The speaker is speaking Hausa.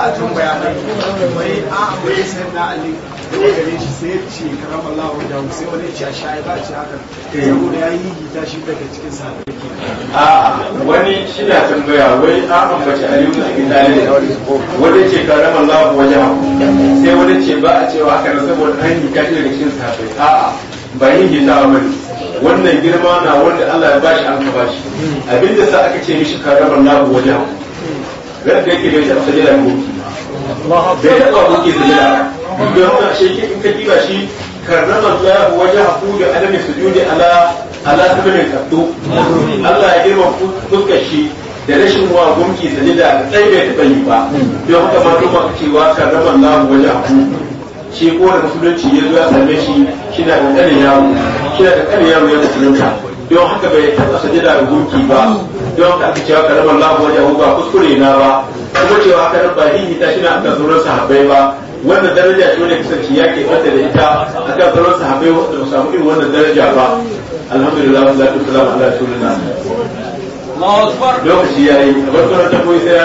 tun bayanai mai a akwai sai na ali da gare shi sai ce karama Allah da sai wani ce a shayi ba ce haka eh. saboda ya yi ta shi daga cikin sahabbai a wani shi na tambaya wai a ambaci ali ibn abi talib wani ce karama Allah wajen sai wani ce ba a cewa haka saboda an yi gita daga cikin sahabbai a ba yin gita ba ne wannan girma na wanda Allah ya bashi an ka bashi abinda sa aka ce mishi karama Allah wajen ran da yake bai shafi sajada ko bai taɓa aboki sajada bai nuna shi in ka diba shi karrama Allah wajen da sujudi ala ala tabirin kabdo Allah ya girma fuskar shi da rashin wa gumki sajada da tsaye bai taɓa yi ba don haka ma kuma cewa karrama Allah wajen haku shi ko da musulunci ya zo ya same shi shi na kankanin yaro shi na kankanin yaro ya musulunta don haka bai taɓa sajada da gunki ba don ka cewa karamar lahu wajen ba kuskure na ba kuma cewa ba ta shina aka sauran sahabbai ba wanda daraja ce wanda kasance ya ke da ita akan sauran sahabbai wanda ba samu irin wannan daraja ba alhamdulillah wa wa lokaci yayi a barkar koyi sai